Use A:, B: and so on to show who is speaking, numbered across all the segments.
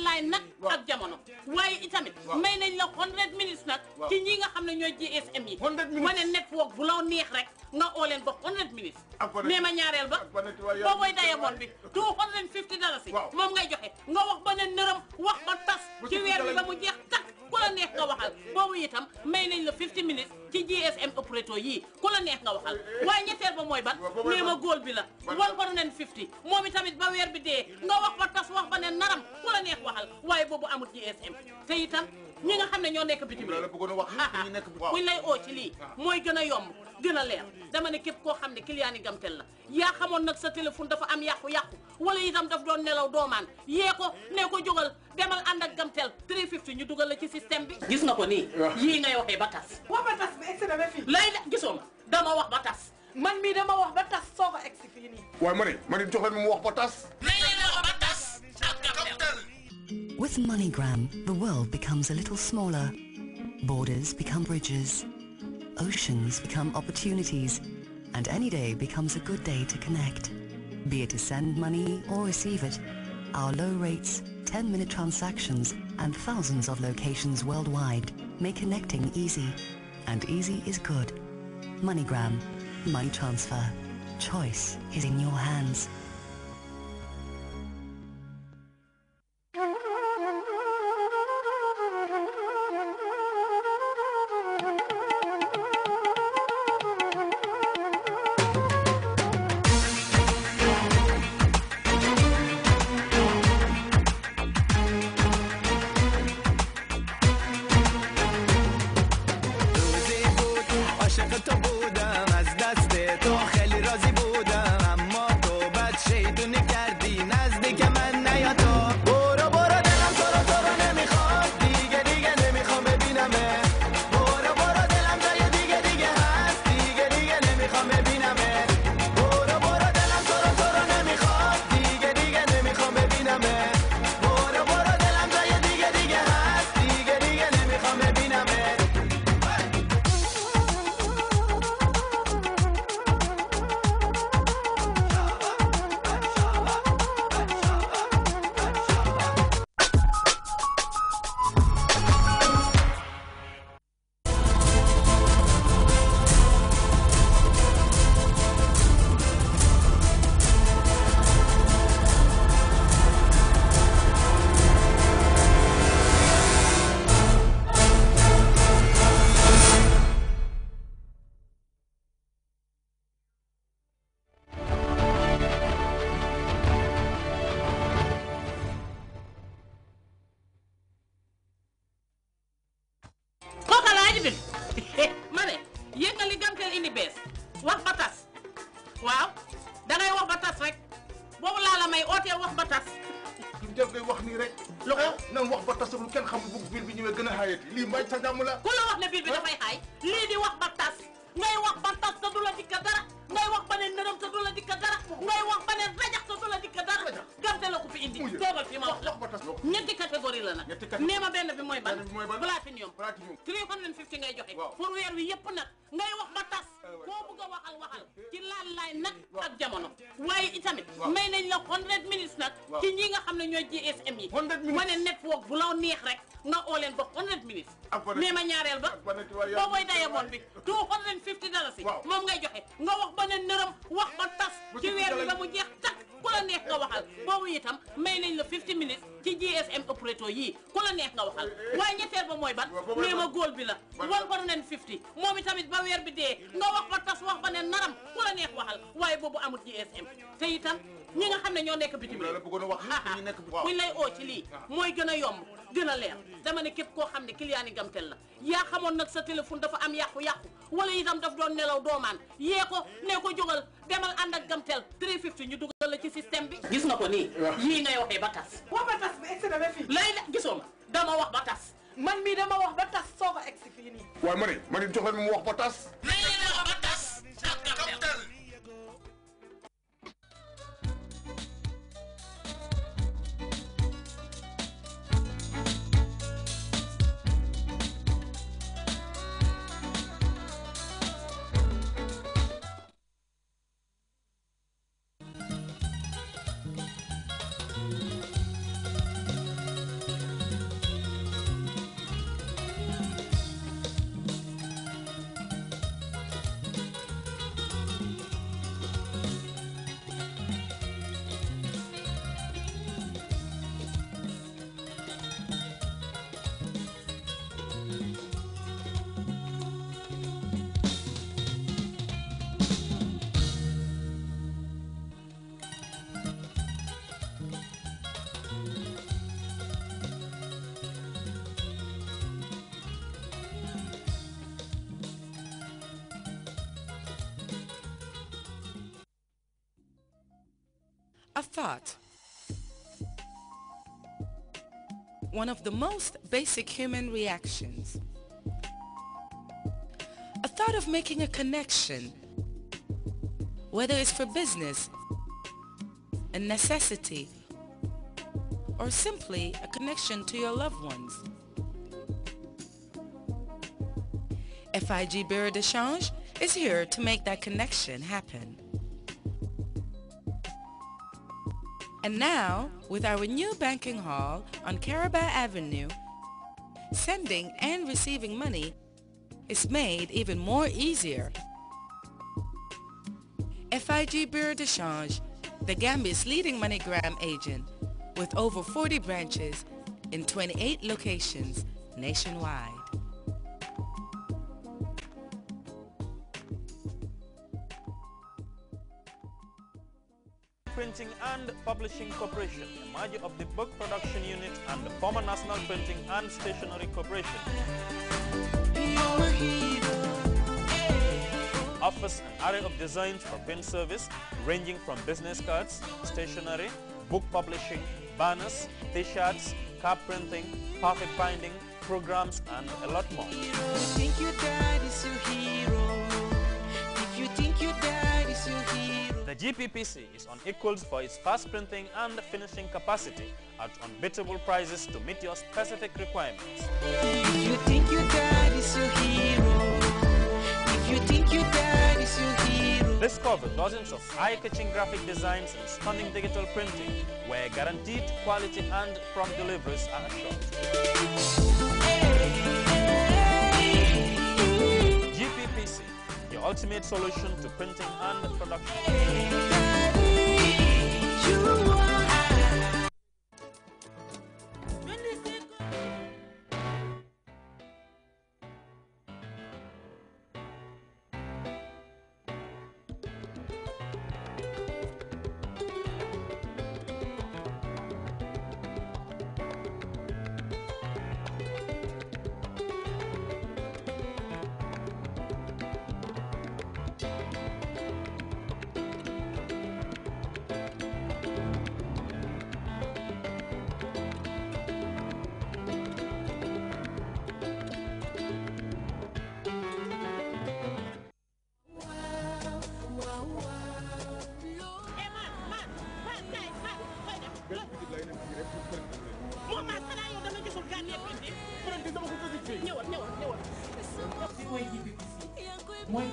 A: online nag ak jamono waaye itamit may nañ la hundred minutes nag ci ñi nga xam ne ñooy GSM yi wane network bu law neex rek nga oo leen ba hundred minutes nee ma ñaareel ba boo booy daye boon bi two hundred fifty dalasi moom ngay joxe nga wax ba ne nërëm wax ba tas ci weer bi ba mu jeex ku la neex nga waxal boobu itam may la 50 minutes ci GSM opérateur yii ku la neex nga waxal waaye ñetteel ba mooy ban nee ma góol bi la wan ko nen 50 moom itamit ba weer bi dee nga wax ba tas wax ba ne naram ku la neex waxal waaye boobu amul GSM te itam ñi nga xam ne ñoo nekk bitim réew buñ lay oo ci lii mooy gën a yomb gën a leer dama ne képp koo xam ne client yi gamtel la yaa xamoon nag sa téléphone dafa am yàqu-yàqu wala itam daf doon nelaw doomaan yee ko ne ko jógal demal ànd ak gamtel 350 ñu dugal la ci système bi gis na ko nii yii ngay waxee ba tas ba tas ba egsi dama fii lay la gisoo ma dama wax ba tas man mii dama wax ba tas soo ko egsi fii nii waaye ma ne ma ne jox leen mu wax ba tas With MoneyGram, the world becomes a little smaller. Borders become bridges. Oceans become opportunities. And any day becomes a good day to connect. Be it to send money or receive it. Our low rates, 10-minute transactions, and thousands of locations worldwide make connecting easy. And easy is good. MoneyGram. Money transfer. Choice is in your hands. down. di bees wax ba tas waaw dangay wax ba tas rek boobu laa la may wax ba tas. ñu def ngay wax nii rek. lu ko ah, nan wax ba tasagul kenn xamul bu biir bi ñëwee gën a xaayati lii mbay sa la. ku la wax ne biir bi ah? dafay xaay lii di wax ba tas ngay wax ba tas te du la dikka dara ngay wax ba ne nërëm te du la dikka dara ngay wax ba ne rajax te du la dikka dara gamte la ko fi indi toogal fi ma wax la ñetti catégorie la nag nee ma benn bi mooy ban platinium three hundred fifty ngay joxe pour weer wi yëpp ngay wax ba jamono waaye itamit may nañ la hundred minutes nag ci ñi nga xam ne ñooy GSM yi ma ne network bu law neex rek nga oo ba hundred minutes mais ma ñaareel ba boo boy daye boon bi two hundred fifty nga wax ba ne nërëm wax ba tas ci weer bi ba mu jeex tak ku la neex nga waxal boobu tam may nañ la 50 minutes ci GSM opérateur yii yi la neex nga waxal waaye ñetteel ba mooy ban nee ma góol bi la one hundred and fifty moom itamit ba weer bi dee nga wax ba tas wax ba ne naram ku la neex waxal waaye boobu amul GSM te itam ñi nga xam ne ñoo nekk bitim réew buñ lay oo ci lii mooy gën a yomb gën a leer dama ne képp koo xam ne client yi gamtel la yaa xamoon nag sa téléphone dafa am yàqu-yàqu wala itam daf doon nelaw doomaan yee ko ne ko jógal demal ànd ak gamtel 350 ñu dugal la ci système bi gis nga ko nii yii ngay waxee ba tas wax ba tas ba fii lay la gisoo ma dama wax ba tas man mii dama wax ba tas soo ko egsi fii nii waaw mari mari jox leen mu wax ba tas a thought. One of the most basic human reactions. A thought of making a connection, whether it's for business, a necessity, or simply a connection to your loved ones. FIG Bureau de Change is here to make that connection happen. And now, with our new banking hall on Caraba Avenue, sending and receiving money is made even more easier. FIG Bureau de Change, the Gambia's leading MoneyGram agent, with over 40 branches in 28 locations nationwide. Printing and Publishing Corporation, a merger of the Book Production Unit and the former National Printing and Stationery Corporation. Offers an array of designs for print service ranging from business cards, stationery, book publishing, banners, t-shirts, card printing, perfect binding, programs and a lot more. Think your dad is hero. If you think your dad is hero. The GPPC is unequaled for its fast printing and finishing capacity at unbeatable prices to meet your specific requirements. You think your dad is your hero. If you think your dad is your hero. Discover dozens of eye-catching graphic designs and stunning digital printing where guaranteed quality and prompt deliveries are assured. ultimate solution to printing and production.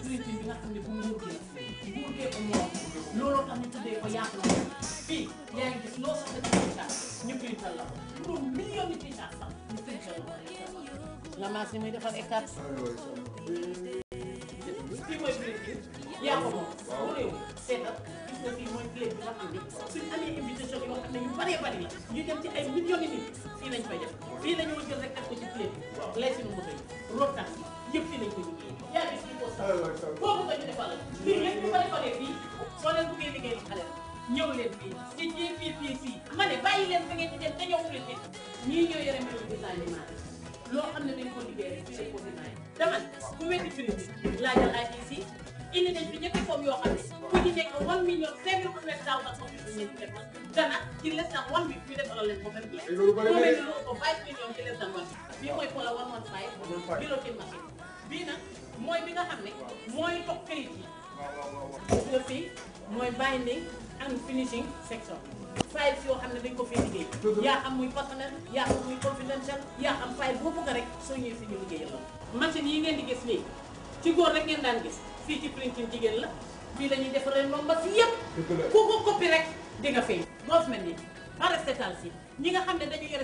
A: autorité bi xam ne na fii yaa ngi gis loo soxla ci tiitaat ñu printal la muy defar hectare fii mooy plate bi yaa ko moom bu bi nga xam ne suñu amee invitation yoo xam ne yu bëree la ñu dem ci ay millions yi fii lañ jël rek def ko ci plate fee liggéeyam xale la ñëw leen fii ci ci fii fii fii ma ne bàyyi leen fi ngeen di dem te ñëw leen ñii ñoo yore mbirum loo xam ne dañ ko liggéey rek fii si indi nañ fi ñetti foom yoo xam ne ku ci nekk one million cinq mille neuf cent ak foofu ñu ñeenti def gana ci les na one bi ñu def alal leen ko même bien ku mel ni five million ci les na one bii mooy pola one one five bureau bii nag mooy bi nga xam ne mooy toog këyit yi nga fii binding and finishing section files yoo xam ne dañ ko fii liggéey yaa xam muy personnel yaa xam muy confidential yaa xam file boo bëgg rek so ñëwee fi ñu liggéeyal la machine yi ngeen di gis nii ci góor rek ngeen daan gis fii ci printing jigéen la fii la ñuy defaree nomba si yëpp ku ko copy rek di nga fay government yi arrêté tal si ñi nga